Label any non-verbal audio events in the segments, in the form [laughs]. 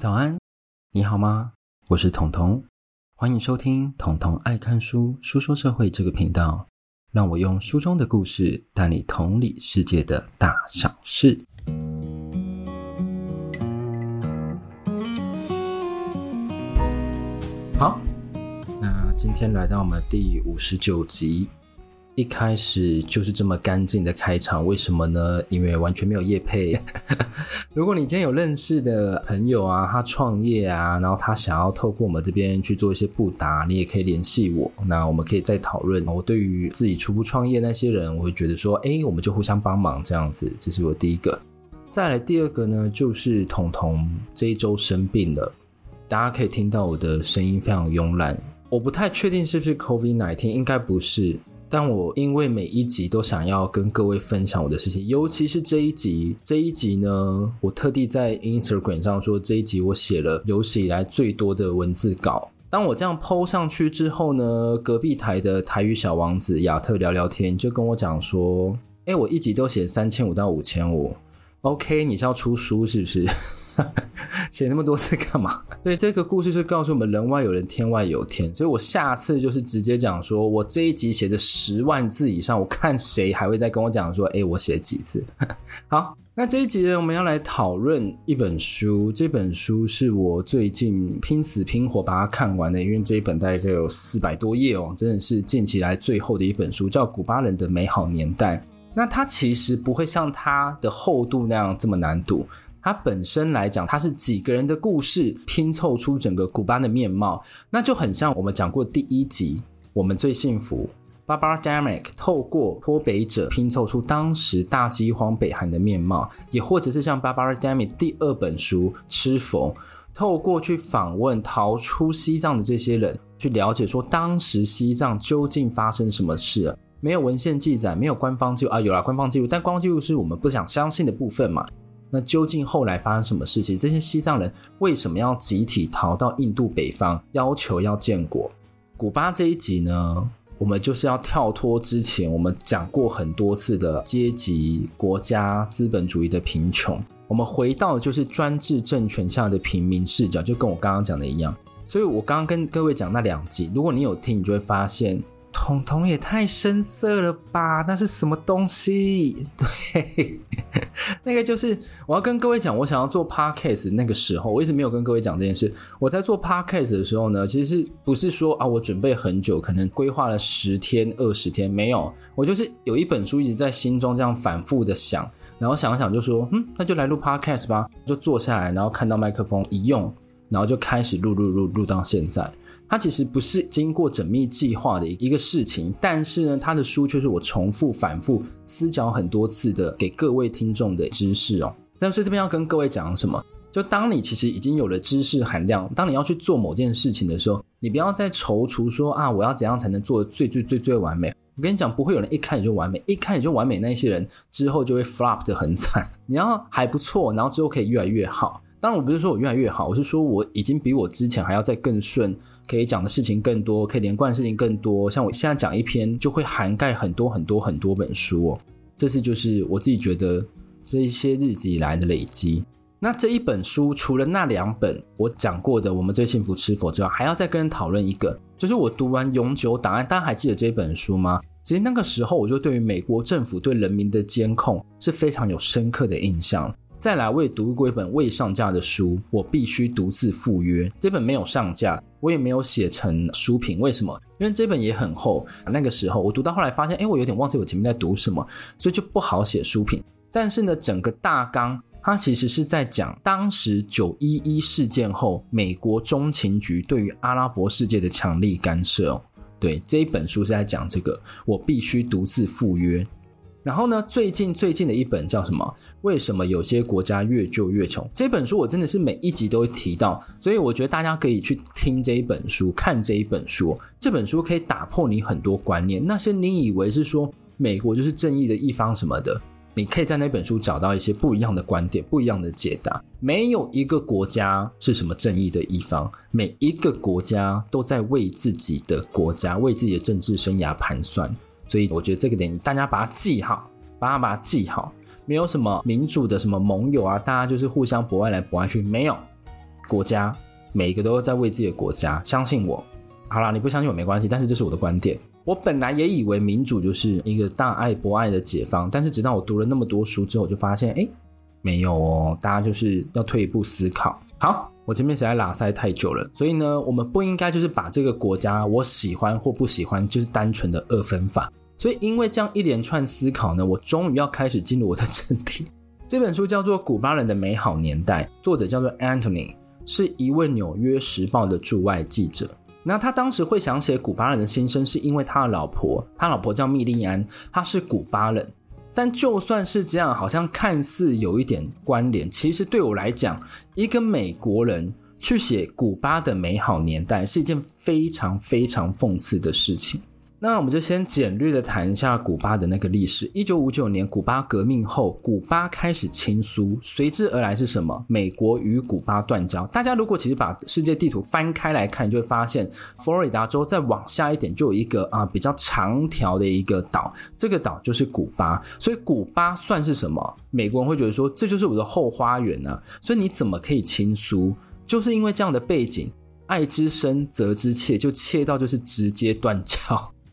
早安，你好嗎？我是統統，歡迎收聽《統統愛看書書說社會》這個頻道，讓我用書中的故事帶你同理世界的大小事。好，那今天來到我們第五十九集。一開始就是這麼乾淨的開場，為什麼呢？因為完全沒有業配。 [laughs] 如果你今天有認識的朋友啊，他創業啊，然後他想要透過我們這邊去做一些布達，你也可以聯繫我，那我們可以再討論。我對於自己初步創業那些人，我會覺得說，哎、欸，我們就互相幫忙這樣子。這是我第一個。再來第二個呢，就是彤彤這一周生病了，大家可以聽到我的聲音非常慵懶，我不太確定是不是 COVID-19，應該不是。但我因為每一集都想要跟各位分享我的事情，尤其是這一集，這一集呢，我特地在 Instagram 上說，這一集我寫了有史以來最多的文字稿。當我這樣 po 上去之後呢，隔壁台的台語小王子亞特聊聊天，就跟我講說：“哎，我一集都寫三千五到五千五，OK？你是要出書是不是？”寫 [laughs] 那麼多次幹嘛？所以這個故事是告訴我們：人外有人，天外有天。所以我下次就是直接講說，我這一集寫着十萬字以上，我看誰還會再跟我講說，哎、欸，我寫幾次？ [laughs] 好，那這一集呢？我們要來討論一本書，這本書是我最近拼死拼活把它看完的，因為這一本大概有四百多頁哦、喔，真的是近期來最後的一本書，叫《古巴人的美好年代》。那它其實不會像它的厚度那樣這麼難讀。它本身來講，它是幾個人的故事拼湊出整個古巴的面貌，那就很像我們講過第一集《我們最幸福》巴巴拉、Barbara Demick 透過脫北者拼湊出當時大饑荒北韓的面貌，也或者是像 Barbara 巴 Demick 巴第二本書《吃佛》，透過去訪問逃出西藏的這些人，去了解說，當時西藏究竟發生什麼事？啊，沒有文獻記載，沒有官方記錄啊，有啦，官方記錄，但官方記錄是我們不想相信的部分嘛。那究竟後來發生什麼事情？這些西藏人為什麼要集體逃到印度北方，要求要建國？古巴這一集呢，我們就是要跳脫之前我們講過很多次的階級、國家、資本主義的貧窮，我們回到的就是專制政權下的平民視角，就跟我剛剛講的一樣。所以我剛剛跟各位講那兩集，如果你有聽，你就會發現。統統也太深色了吧？那是什麼東西？對， [laughs] 那個就是我要跟各位講，我想要做 podcast 那個時候，我一直沒有跟各位講這件事。我在做 podcast 的時候呢，其實不是說啊，我準備很久，可能規劃了十天、二十天？沒有，我就是有一本書一直在心中這樣反復的想，然後想一想就說，嗯，那就來錄 podcast 吧，就坐下來，然後看到麥克風一用，然後就開始錄錄錄，錄到現在。它其實不是經過縝密計劃的一個事情，但是呢，它的書卻是我重複反覆私講很多次的給各位聽眾的知識哦。但是這邊要跟各位講什麼？就當你其實已經有了知識含量，當你要去做某件事情的時候，你不要再躊躇說啊，我要怎樣才能做最最最最最完美？我跟你講，不會有人一開始就完美，一開始就完美，那一些人之後就會 flop 得很慘。你要還不錯，然後之後可以越來越好。當然，我不是說我越來越好，我是說我已經比我之前還要再更順，可以講的事情更多，可以連貫的事情更多。像我現在講一篇，就會涵蓋很多很多很多本書。哦，這是就是我自己覺得這一些日子以來的累積。那這一本書除了那兩本我講過的《我們最幸福》《吃佛》之外，還要再跟人討論一個，就是我讀完《永久檔案》，大家還記得這本書嗎？其實那個時候，我就對於美國政府對人民的監控是非常有深刻的印象。再來我也讀過一本未上架的書，我必須獨自赴約。這本沒有上架，我也沒有寫成書評。為什麼？因為這本也很厚。那個時候我讀到後來發現，哎，我有點忘記我前面在讀什麼，所以就不好寫書評。但是呢，整個大綱它其實是在講當時九一一事件後，美國中情局對於阿拉伯世界的強力干涉，哦。對，這一本書是在講這個。我必須獨自赴約。然後呢，最近最近的一本叫什麼？為什麼有些國家越救越窮？這本書我真的是每一集都會提到，所以我覺得大家可以去聽這一本書，看這一本書。這本書可以打破你很多觀念，那些你以為是說美國就是正義的一方什麼的，你可以在那本書找到一些不一樣的觀點、不一樣的解答。沒有一個國家是什麼正義的一方，每一個國家都在為自己的國家、為自己的政治生涯盤算。所以我覺得這個點，大家把它記好，把它把它記好。沒有什麼民主的什麼盟友啊，大家就是互相博愛來博愛去，沒有國家，每一個都在為自己的國家。相信我，好啦，你不相信我沒關係，但是這是我的觀點。我本來也以為民主就是一個大愛博愛的解放，但是直到我讀了那麼多書之後，我就發現，哎，沒有哦，大家就是要退一步思考。好，我前面實在拉塞太久了，所以呢，我們不應該就是把這個國家我喜歡或不喜歡，就是單純的二分法。所以，因為這樣一連串思考呢，我終於要開始進入我的正題。這本書叫做《古巴人的美好年代》，作者叫做 Anthony，是一位紐約時報的駐外記者。那他當時會想寫古巴人的心聲，是因為他的老婆，他老婆叫密利安，她是古巴人。但就算是這樣，好像看似有一點關聯，其實對我來講，一個美國人去寫古巴的美好年代，是一件非常非常諷刺的事情。那我們就先簡略的談一下古巴的那個歷史。一九五九年古巴革命後，古巴開始親蘇，隨之而來是什麼？美國與古巴斷交。大家如果其實把世界地圖翻開來看，就會發現佛羅里達州再往下一點就有一個啊比較長條的一個島，這個島就是古巴。所以古巴算是什麼？美國人會覺得說這就是我的後花園呢、啊。所以你怎麼可以親蘇？就是因為這樣的背景，愛之深責之切，就切到就是直接斷交。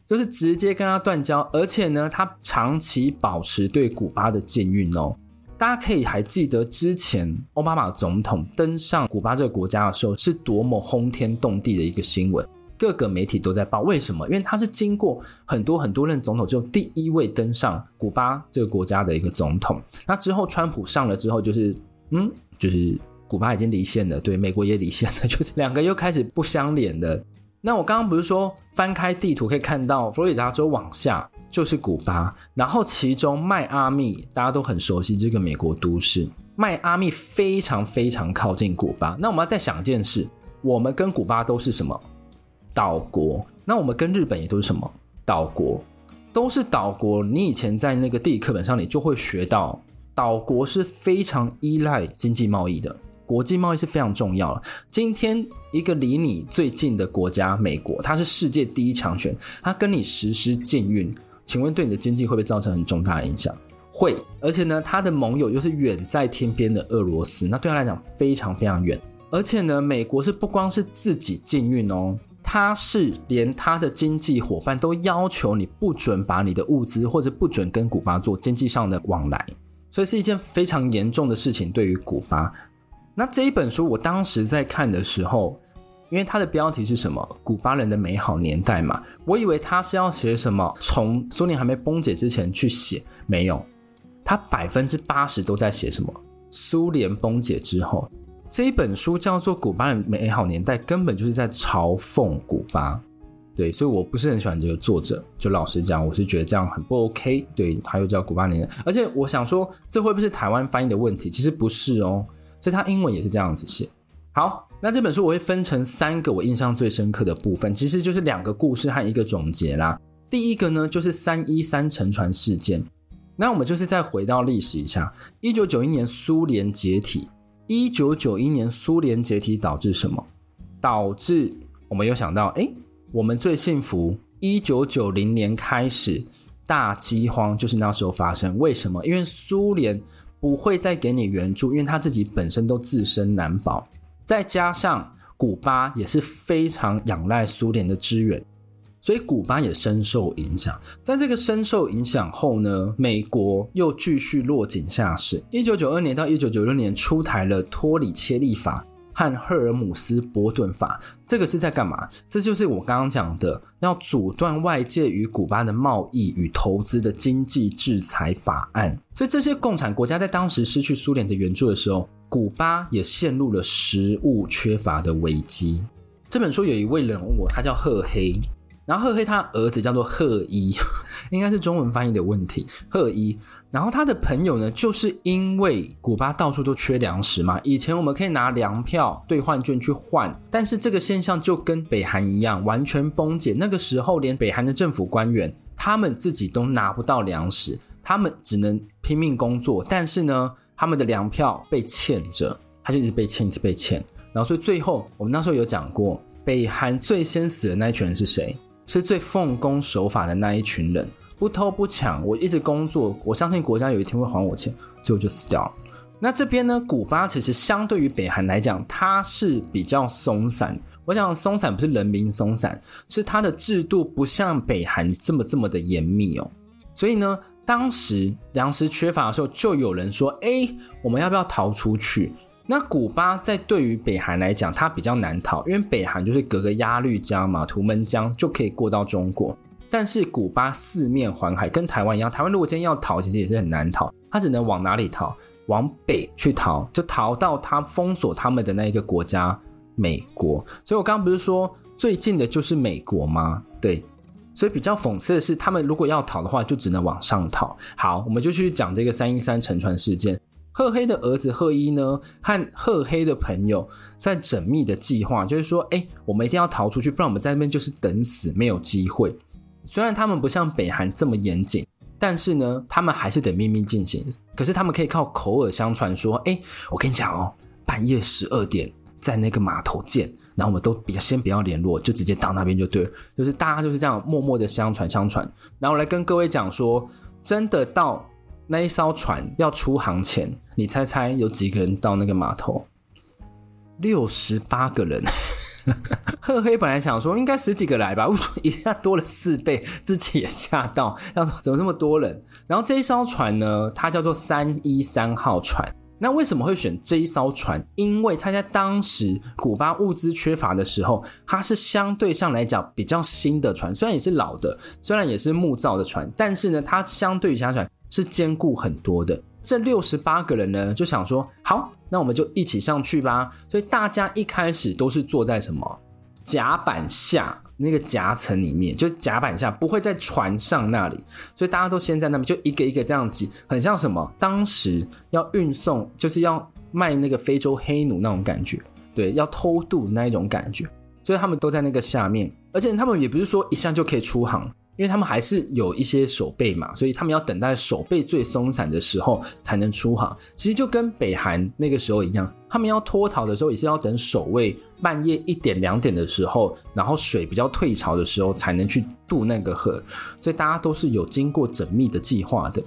就是直接跟他斷交，而且呢，他長期保持對古巴的禁運哦。大家可以還記得之前奧巴馬總統登上古巴這個國家的時候，是多麼轟天動地的一個新聞，各個媒體都在報。為什麼？因為他是經過很多很多任總統，就第一位登上古巴這個國家的一個總統。那之後，川普上了之後，就是嗯，就是古巴已經離線了，對，美國也離線了，就是兩個又開始不相連的。那我剛剛不是說翻開地圖可以看到，佛羅里達州往下就是古巴，然後其中邁阿密大家都很熟悉這個美國都市，邁阿密非常非常靠近古巴。那我們要再想一件事，我們跟古巴都是什麼島國？那我們跟日本也都是什麼島國？都是島國。你以前在那個地理課本上，你就會學到，島國是非常依賴經濟貿易的。國際貿易是非常重要了。今天一個離你最近的國家——美國，它是世界第一強權，它跟你實施禁運，請問對你的經濟會不會造成很重大的影響？會。而且呢，他的盟友又是遠在天邊的俄羅斯，那對他來講非常非常遠。而且呢，美國是不光是自己禁運哦，它是連他的經濟夥伴都要求你不准把你的物資，或者不准跟古巴做經濟上的往來。所以是一件非常嚴重的事情，對於古巴。那這一本書，我當時在看的時候，因為它的標題是什麼“古巴人的美好年代”嘛，我以為他是要寫什麼從蘇聯還沒崩解之前去寫，沒有，他百分之八十都在寫什麼蘇聯崩解之後。這一本書叫做《古巴人美好年代》，根本就是在嘲諷古巴。對，所以我不是很喜歡這個作者。就老實講，我是覺得這樣很不 OK。對，他又叫古巴人，而且我想說，這會不會是台灣翻譯的問題？其實不是哦。所以他英文也是這樣子寫。好，那這本書我會分成三個我印象最深刻的部分，其實就是兩個故事和一個總結啦。第一個呢，就是三一三沉船事件。那我們就是再回到歷史一下，一九九一年蘇聯解體，一九九一年蘇聯解體導致什麼？導致我們有想到，哎、欸，我們最幸福，一九九零年開始大饑荒就是那時候發生。為什麼？因為蘇聯。不會再給你援助，因為他自己本身都自身難保，再加上古巴也是非常仰賴蘇聯的支援，所以古巴也深受影響。在這個深受影響後呢，美國又繼續落井下石。1992年到1996年出台了托裡切利法。和赫爾姆斯伯頓法，這個是在幹嘛？這就是我剛剛講的，要阻斷外界與古巴的貿易與投資的經濟制裁法案。所以，這些共產國家在當時失去蘇聯的援助的時候，古巴也陷入了食物缺乏的危機。這本書有一位人物，他叫赫黑。然後赫黑他兒子叫做赫一，應該是中文翻譯的問題。赫一。然後他的朋友呢，就是因為古巴到處都缺糧食嘛，以前我們可以拿糧票兌換券去換，但是這個現象就跟北韓一樣，完全崩解。那個時候，連北韓的政府官員他們自己都拿不到糧食，他們只能拼命工作，但是呢，他們的糧票被欠着，他就一直被欠，一直被欠。然後所以最後，我們那時候有講過，北韓最先死的那一群人是誰？是最奉公守法的那一群人，不偷不搶。我一直工作，我相信國家有一天會還我錢，最後就死掉了。那這邊呢？古巴其實相對於北韓來講，它是比較鬆散。我想鬆散不是人民鬆散，是它的制度不像北韓這麼這麼的嚴密哦。所以呢，當時糧食缺乏的時候，就有人說：“哎，我們要不要逃出去？”那古巴在對於北韓來講，它比較難逃，因為北韓就是隔個鴨綠江嘛，圖們江就可以過到中國。但是古巴四面環海，跟台灣一樣，台灣如果今天要逃，其實也是很難逃，它只能往哪裡逃？往北去逃，就逃到它封鎖他們的那一個國家——美國。所以我剛剛不是說最近的就是美國嗎？對，所以比較諷刺的是，他們如果要逃的話，就只能往上逃。好，我們就去講這個三一三沉船事件。赫黑的兒子赫伊呢，和赫黑的朋友在縝密的計劃，就是說，哎、欸，我們一定要逃出去，不然我們在那邊就是等死，沒有機會。雖然他們不像北韓這麼嚴謹，但是呢，他們還是得秘密進行。可是他們可以靠口耳相傳，說，哎、欸，我跟你講哦，半夜十二點在那個碼頭見，然後我們都先不要聯絡，就直接到那邊就對，就是大家就是這樣默默的相傳相傳。然後來跟各位講說，真的到。那一艘船要出航前，你猜猜有幾個人到那個碼頭？六十八個人。 [laughs] 赫黑本來想說應該十幾個來吧，一 [laughs] 下多了四倍，自己也嚇到。要怎麼這麼多人？然後這一艘船呢，它叫做三一三號船。那為什麼會選這一艘船？因為它在當時古巴物資缺乏的時候，它是相對上來講比較新的船，雖然也是老的，雖然也是木造的船，但是呢，它相對於其他船。是兼顧很多的，這六十八個人呢，就想說好，那我們就一起上去吧。所以大家一開始都是坐在什麼甲板下那個夾層裡面，就甲板下不會在船上那裡。所以大家都先在那邊，就一個一個這樣擠，很像什麼當時要運送，就是要賣那個非洲黑奴那種感覺，對，要偷渡那一種感覺。所以他們都在那個下面，而且他們也不是說一下就可以出航。因為他們還是有一些守備嘛，所以他們要等待守備最鬆散的時候才能出航。其實就跟北韓那個時候一樣，他們要脫逃的時候也是要等守衛半夜一點兩點的時候，然後水比較退潮的時候才能去渡那個河。所以大家都是有經過縝密的計劃的。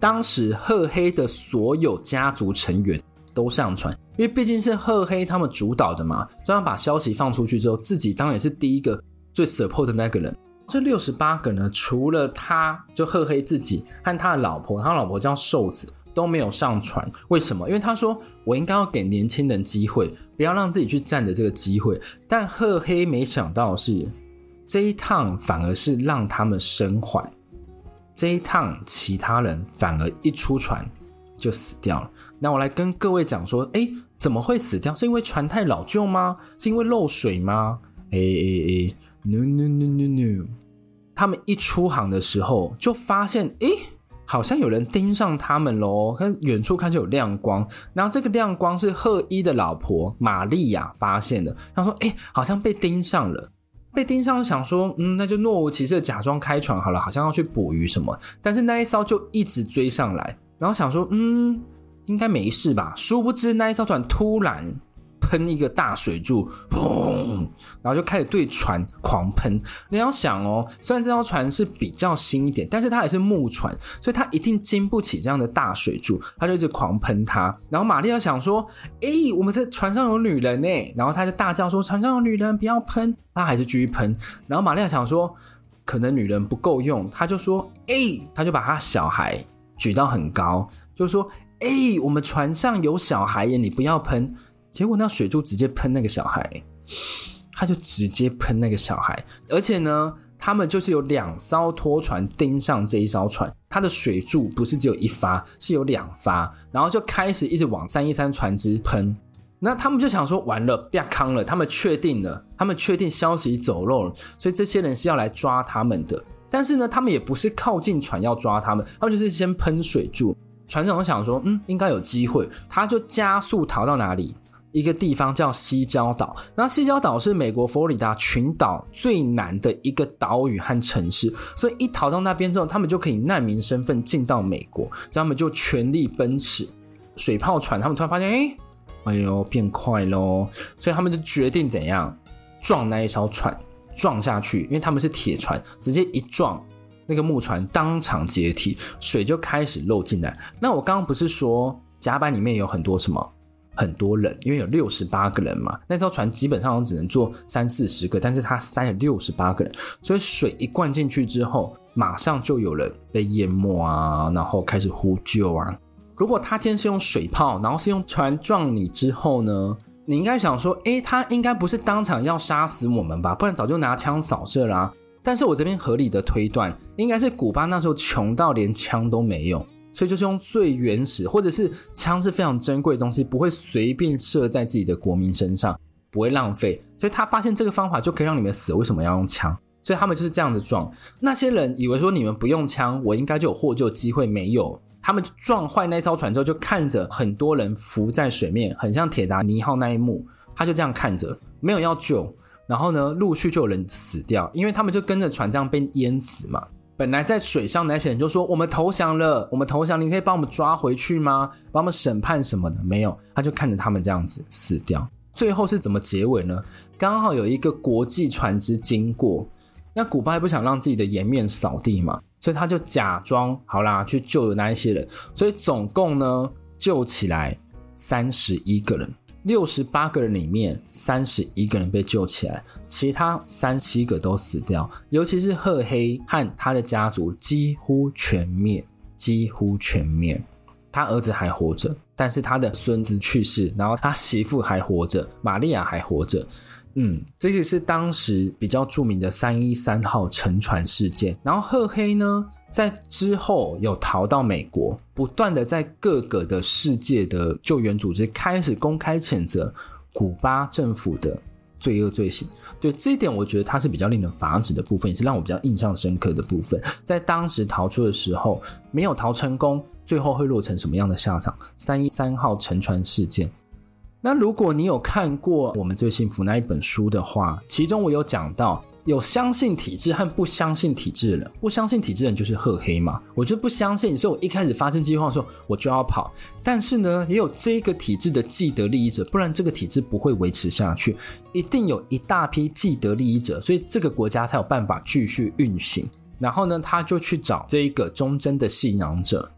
當時赫黑的所有家族成員都上船，因為畢竟是赫黑他們主導的嘛。這樣把消息放出去之後，自己當然也是第一個最 support 的那個人。這六十八個呢，除了他就赫黑自己和他的老婆，他老婆叫瘦子都沒有上船。為什麼？因為他說，我應該要給年輕人機會，不要讓自己去占着這個機會。但赫黑沒想到的是這一趟反而是讓他們生還，這一趟其他人反而一出船就死掉了。那我來跟各位講說，誒怎麼會死掉？是因為船太老舊嗎？是因為漏水嗎？誒誒誒，誒 No no no, no, no. 他們一出航的時候就發現，欸，好像有人盯上他們嘍。看遠處看就有亮光，然後這個亮光是赫伊的老婆瑪利亞發現的。他說，欸，“好像被盯上了，被盯上，想說，嗯，那就若無其事的假裝開船好了，好像要去捕魚什麼。但是那一艘就一直追上來，然後想說，嗯，應該沒事吧。殊不知那一艘船突然……噴一個大水柱，砰！然後就開始對船狂噴。你要想哦，雖然這艘船是比較新一點，但是它也是木船，所以它一定經不起這樣的大水柱。它就一直狂噴它。然後瑪麗亞想說：“哎、欸，我們這船上有女人呢。”然後她就大叫說：“船上有女人，不要噴！”她還是繼續噴。然後瑪麗亞想說：“可能女人不夠用。”她就說：“哎、欸，她就把她小孩舉到很高，就說：‘哎、欸，我們船上有小孩耶，你不要噴。’”結果那水柱直接噴那個小孩，他就直接噴那個小孩，而且呢，他們就是有兩艘拖船盯上這一艘船，他的水柱不是只有一發，是有兩發，然後就開始一直往三一三船隻噴。那他們就想說，完了，別康了，他們確定了，他們確定消息走漏了，所以這些人是要來抓他們的。但是呢，他們也不是靠近船要抓他們，他們就是先噴水柱。船長想說，嗯，應該有機會，他就加速逃到哪裡。一個地方叫西礁島，那西礁島是美國佛羅里達群島最南的一個島嶼和城市，所以一逃到那邊之後，他們就可以難民身份進到美國，然後他們就全力奔馳，水炮船，他們突然發現，哎，哎呦，變快咯，所以他們就決定怎樣撞那一艘船撞下去，因為他們是鐵船，直接一撞那個木船當場解體，水就開始漏進來。那我剛剛不是說甲板裡面有很多什麼？很多人，因為有六十八個人嘛，那艘船基本上都只能坐三四十個，但是它塞了六十八個人，所以水一灌進去之後，馬上就有人被淹沒啊，然後開始呼救啊。如果他今天是用水炮，然後是用船撞你之後呢，你應該想說，哎、欸，他應該不是當場要殺死我們吧？不然早就拿槍掃射啦。但是我這邊合理的推斷，應該是古巴那時候窮到連槍都沒有。所以就是用最原始，或者是槍是非常珍貴的東西，不會隨便射在自己的國民身上，不會浪費。所以他發現這個方法就可以讓你們死，為什麼要用槍？所以他們就是這樣子撞。那些人以為說你們不用槍，我應該就有獲救機會。沒有，他們就撞壞那艘船之後，就看着很多人浮在水面，很像鐵達尼號那一幕，他就這樣看着，沒有要救。然後呢，陸續就有人死掉，因為他們就跟着船這樣被淹死嘛。本來在水上的那些人就說：“我們投降了，我們投降，你可以幫我們抓回去嗎？幫我們審判什麼的？沒有，他就看着他們這樣子死掉。最後是怎麼結尾呢？剛好有一個國際船隻經過，那古巴還不想讓自己的顏面掃地嘛，所以他就假裝好啦，去救了那一些人，所以總共呢，救起來三十一個人。”六十八個人裡面，三十一個人被救起來，其他三七個都死掉，尤其是赫黑和他的家族幾乎全滅，幾乎全滅。他兒子還活着，但是他的孫子去世，然後他媳婦還活着，瑪利亞還活着。嗯，這個是當時比較著名的三一三號沉船事件。然後赫黑呢？在之後有逃到美國，不斷的在各個的世界的救援組織開始公開譴責古巴政府的罪惡罪行。對這一點，我覺得它是比較令人髮指的部分，也是讓我比較印象深刻的部分。在當時逃出的時候，沒有逃成功，最後會落成什麼樣的下場？三一三號沉船事件。那如果你有看過《我們最幸福》那一本書的話，其中我有講到。有相信體制和不相信體制的人，不相信體制的人就是褐黑嘛？我就不相信，所以我一開始發生饑荒的時候，我就要跑。但是呢，也有這個體制的既得利益者，不然這個體制不會維持下去，一定有一大批既得利益者，所以這個國家才有辦法繼續運行。然後呢，他就去找這一個忠貞的信仰者，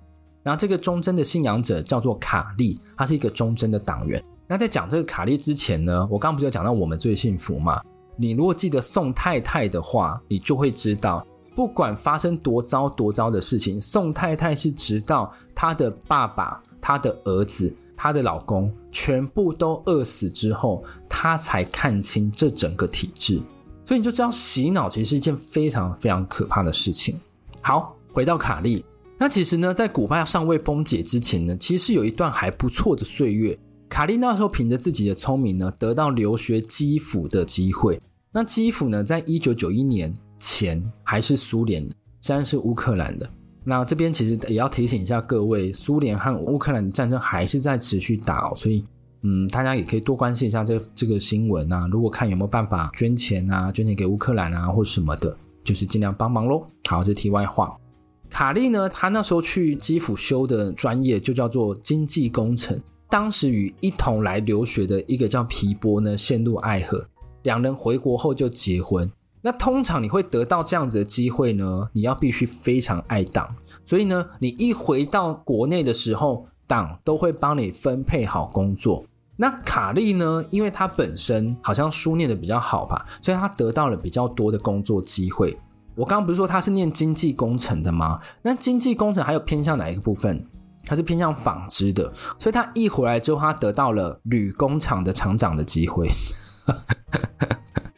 然後這個忠貞的信仰者叫做卡利，他是一個忠貞的黨員。那在講這個卡利之前呢，我剛剛不是有講到我們最幸福嘛？你如果記得宋太太的話，你就會知道，不管發生多糟多糟的事情，宋太太是直到她的爸爸、她的兒子、她的老公全部都餓死之後，她才看清這整個體制。所以你就知道洗腦其實是一件非常非常可怕的事情。好，回到卡利，那其實呢，在古巴尚未崩解之前呢，其實是有一段還不錯的歲月。卡利那時候憑着自己的聰明呢，得到留學基輔的機會。那基輔呢，在一九九一年前還是蘇聯的，現在是烏克蘭的。那這邊其實也要提醒一下各位，蘇聯和烏克蘭的戰爭還是在持續打哦，所以嗯，大家也可以多關心一下這這個新聞啊。如果看有沒有辦法捐錢啊，捐錢給烏克蘭啊，或什麼的，就是盡量幫忙咯。好，這題外話，卡利呢，他那時候去基輔修的專業就叫做經濟工程。當時與一同來留學的一個叫皮波呢，陷入愛河，兩人回國後就結婚。那通常你會得到這樣子的機會呢，你要必須非常愛黨，所以呢，你一回到國內的時候，黨都會幫你分配好工作。那卡利呢，因為他本身好像書念得比較好吧，所以他得到了比較多的工作機會。我剛剛不是說他是念經濟工程的嗎？那經濟工程還有偏向哪一個部分？他是偏向紡織的，所以他一回來之後，他得到了鋁工廠的廠長的機會，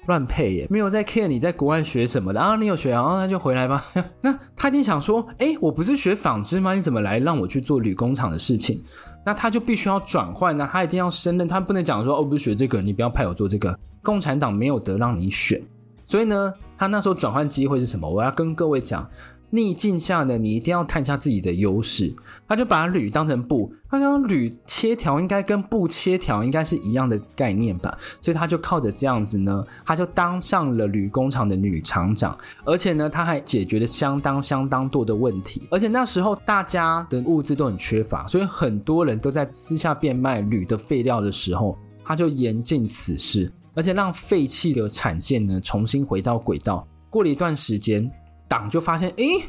亂 [laughs] 配耶，沒有在 care 你在國外學什麼的啊，你有學啊，啊，那就回來吧。 [laughs] 那他一定想說，哎、欸，我不是學紡織嗎？你怎麼來讓我去做鋁工廠的事情？那他就必須要轉換呢，他一定要升任，他不能講說哦，我不是學這個，你不要派我做這個。共產黨沒有得讓你選，所以呢，他那時候轉換機會是什麼？我要跟各位講。逆境下呢，你一定要看一下自己的優勢。他就把鋁當成布，他講鋁切條應該跟布切條應該是一樣的概念吧。所以他就靠着這樣子呢，他就當上了鋁工廠的女廠長。而且呢，他還解決了相當相當多的問題。而且那時候大家的物資都很缺乏，所以很多人都在私下變賣鋁的廢料的時候，他就嚴禁此事，而且讓廢棄的產線呢重新回到軌道。過了一段時間，黨就發現，誒、欸，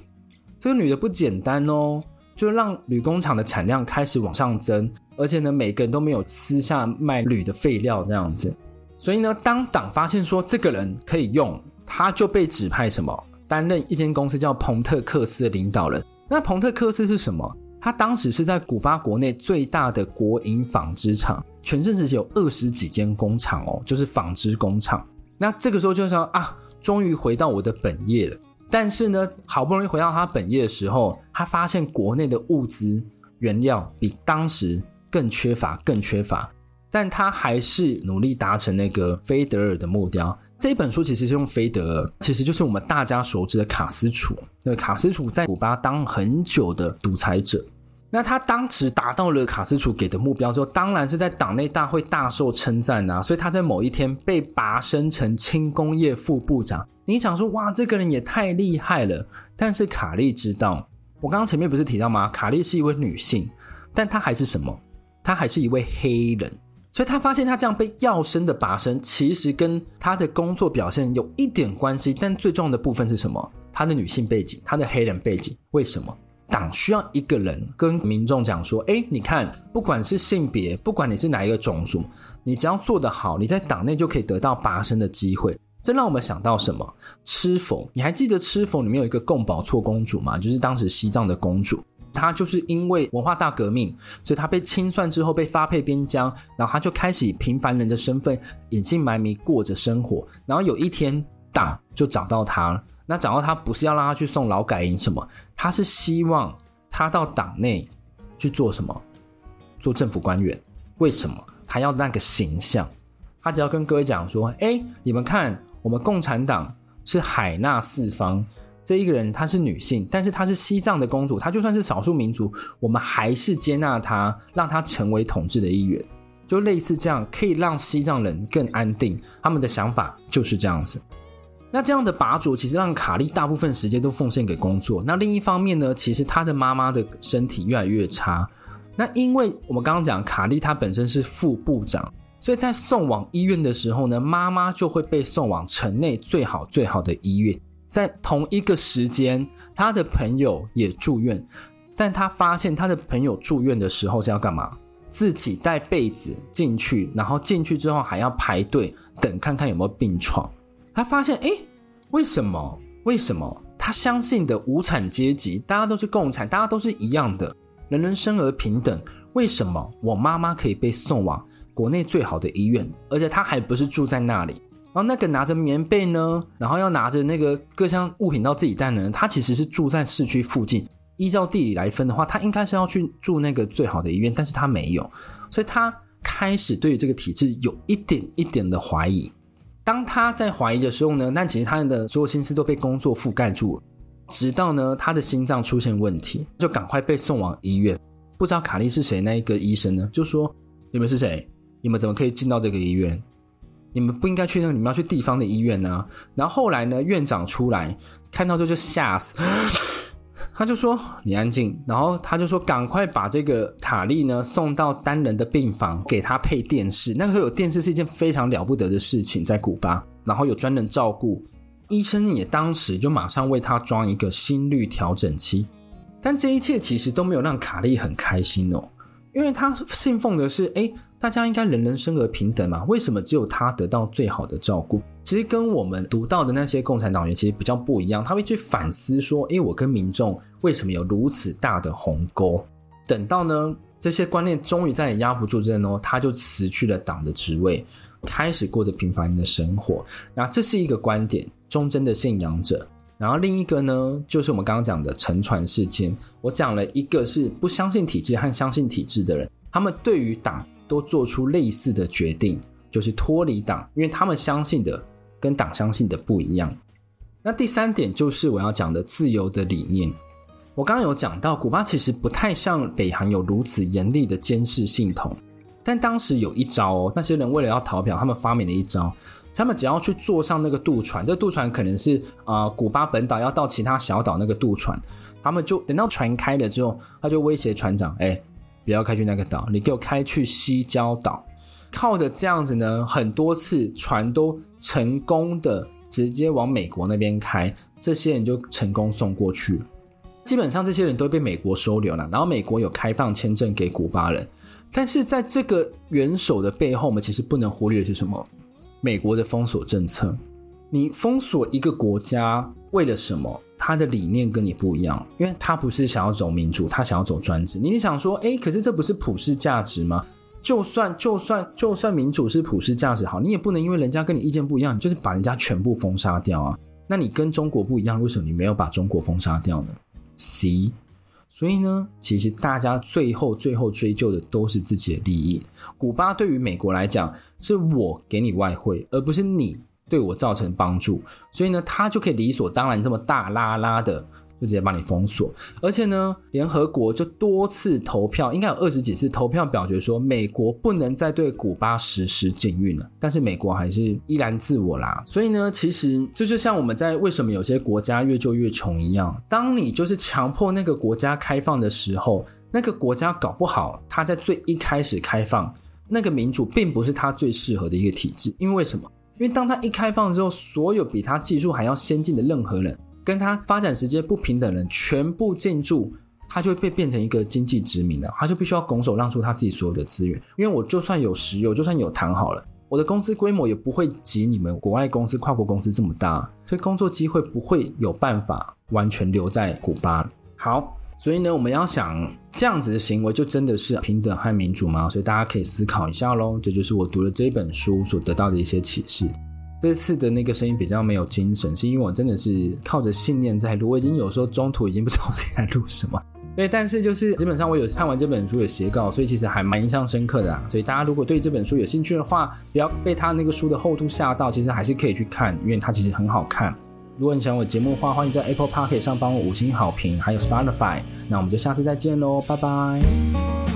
這個女的不簡單哦，就讓鋁工廠的產量開始往上增，而且呢，每個人都沒有私下賣鋁的廢料這樣子。所以呢，當黨發現說，這個人可以用，他就被指派什麼，擔任一間公司叫彭特克斯的領導人。那彭特克斯是什麼？他當時是在古巴國內最大的國營紡織廠，全盛時期有二十幾間工廠哦，就是紡織工廠。那這個時候就是說啊，終於回到我的本業了。但是呢，好不容易回到他本業的時候，他發現國內的物資原料比當時更缺乏，更缺乏。但他還是努力達成那個菲德爾的目標。這本書其實是用菲德爾，其實就是我們大家熟知的卡斯楚。那卡斯楚在古巴當很久的獨裁者。那他當時達到了卡斯楚給的目標之後當然是在黨內大會大受稱讚啊。所以他在某一天被拔升成輕工業副部長。你想說，哇，這個人也太厲害了！但是卡利知道，我剛剛前面不是提到嗎？卡利是一位女性，但她還是什麼？她還是一位黑人。所以她發現她這樣被要升的拔升，其實跟她的工作表現有一點關係。但最重要的部分是什麼？她的女性背景，她的黑人背景，為什麼？黨需要一個人跟民眾講說：“哎，你看，不管是性別，不管你是哪一個種族，你只要做得好，你在黨內就可以得到拔升的機會。”這讓我們想到什麼？吃佛？你還記得吃佛裡面有一個貢保措公主嗎？就是當時西藏的公主，她就是因為文化大革命，所以她被清算之後被發配邊疆，然後她就開始以平凡人的身份隱姓埋名過着生活。然後有一天，黨就找到她了。那找到他不是要讓他去送勞改營什麼，他是希望他到黨內去做什麼，做政府官員。為什麼他要那個形象？他只要跟各位講說：欸，你們看，我們共產黨是海納四方。這一個人她是女性，但是她是西藏的公主，她就算是少數民族，我們還是接納她，讓她成為統治的一員。就類似這樣，可以讓西藏人更安定。他們的想法就是這樣子。那這樣的拔擢其實讓卡利大部分時間都奉獻給工作。那另一方面呢，其實他的媽媽的身體越來越差。那因為我們剛剛講，卡利他本身是副部長，所以在送往醫院的時候呢，媽媽就會被送往城內最好最好的醫院。在同一個時間，他的朋友也住院，但他發現他的朋友住院的時候是要幹嘛？自己帶被子進去，然後進去之後還要排隊等，看看有沒有病床。他發現，哎，為什麼？為什麼他相信的無產階級，大家都是共產，大家都是一樣的，人人生而平等？為什麼我媽媽可以被送往國內最好的醫院，而且她還不是住在那裡？然後那個拿着棉被呢，然後要拿着那個各項物品到自己帶的人，他其實是住在市區附近。依照地理來分的話，他應該是要去住那個最好的醫院，但是他沒有，所以他開始對於這個體制有一點一點的懷疑。當他在懷疑的時候呢，那其實他的所有心思都被工作覆蓋住了。直到呢，他的心臟出現問題，就趕快被送往醫院。不知道卡利是誰？那一個醫生呢？就說你們是誰？你們怎麼可以進到這個醫院？你們不應該去那個，你們要去地方的醫院啊。然後後來呢，院長出來看到這就,就嚇死。 [laughs] 他就說，你安靜。然後他就說，趕快把這個卡利呢，送到單人的病房，給他配電視。那個時候有電視是一件非常了不得的事情在古巴，然後有專人照顧，醫生也當時就馬上為他裝一個心率調整器。但這一切其實都沒有讓卡利很開心哦，因為他信奉的是誒大家應該人人生而平等嘛？為什麼只有他得到最好的照顧？其實跟我們讀到的那些共產黨員其實比較不一樣，他會去反思說：“誒，我跟民眾為什麼有如此大的鴻溝？”等到呢，這些觀念終於再也壓不住陣哦，他就辭去了黨的職位，開始過着平凡的生活。那這是一個觀點，忠貞的信仰者。然後另一個呢，就是我們剛剛講的沉船事件。我講了一個是不相信體制和相信體制的人，他們對於黨。都做出類似的決定，就是脫離黨，因為他們相信的跟黨相信的不一樣。那第三點就是我要講的自由的理念。我剛剛有講到，古巴其實不太像北韓有如此嚴厲的監視系統，但當時有一招，哦，那些人為了要逃票，他們發明了一招，他們只要去坐上那個渡船，這個、渡船可能是啊、呃、古巴本島要到其他小島那個渡船，他們就等到船開了之後，他就威脅船長，哎、欸。不要開去那個島，你給我開去西礁島。靠着這樣子呢，很多次船都成功的直接往美國那邊開，這些人就成功送過去。基本上這些人都被美國收留了，然後美國有開放簽證給古巴人。但是在這個元首的背後，我們其實不能忽略的是什麼？美國的封鎖政策，你封鎖一個國家為了什麼？他的理念跟你不一樣，因為他不是想要走民主，他想要走專制。你想說，哎，可是這不是普世價值嗎？就算就算就算民主是普世價值好，你也不能因為人家跟你意見不一樣，你就是把人家全部封殺掉啊。那你跟中國不一樣，為什麼你沒有把中國封殺掉呢？C，所以呢，其實大家最後最後追究的都是自己的利益。古巴對於美國來講，是我給你外匯，而不是你，對我造成幫助，所以呢，他就可以理所當然這麼大剌剌的，就直接把你封鎖。而且呢，聯合國就多次投票，應該有二十幾次投票表決說，美國不能再對古巴實施禁運了。但是美國還是依然自我啦。所以呢，其實這就像我們在為什麼有些國家越救越窮一樣，當你就是強迫那個國家開放的時候，那個國家搞不好他在最一開始開放那個民主，並不是他最適合的一個體制。因為，為什麼？因為當他一開放之後，所有比他技術還要先進的任何人，跟他發展時間不平等的人，全部進駐，他就會被變成一個經濟殖民了。他就必須要拱手讓出他自己所有的資源。因為我就算有石油，就算有糖好了，我的公司規模也不會及你們國外公司、跨國公司這麼大，所以工作機會不會有辦法完全留在古巴。好。所以呢，我們要想這樣子的行為，就真的是平等和民主嗎？所以大家可以思考一下嘍。這就是我讀了這本書所得到的一些啟示。這次的那個聲音比較沒有精神，是因為我真的是靠着信念在錄，我已經有時候中途已經不知道自己在錄什麼。對，但是就是基本上我有看完這本書的寫稿，所以其實還蠻印象深刻的，啊。所以大家如果對這本書有興趣的話，不要被他那個書的厚度嚇到，其實還是可以去看，因為它其實很好看。如果你喜歡的我節目的話，歡迎在 Apple Podcast 上幫我五星好評，還有 Spotify，那我們就下次再見嘍，拜拜。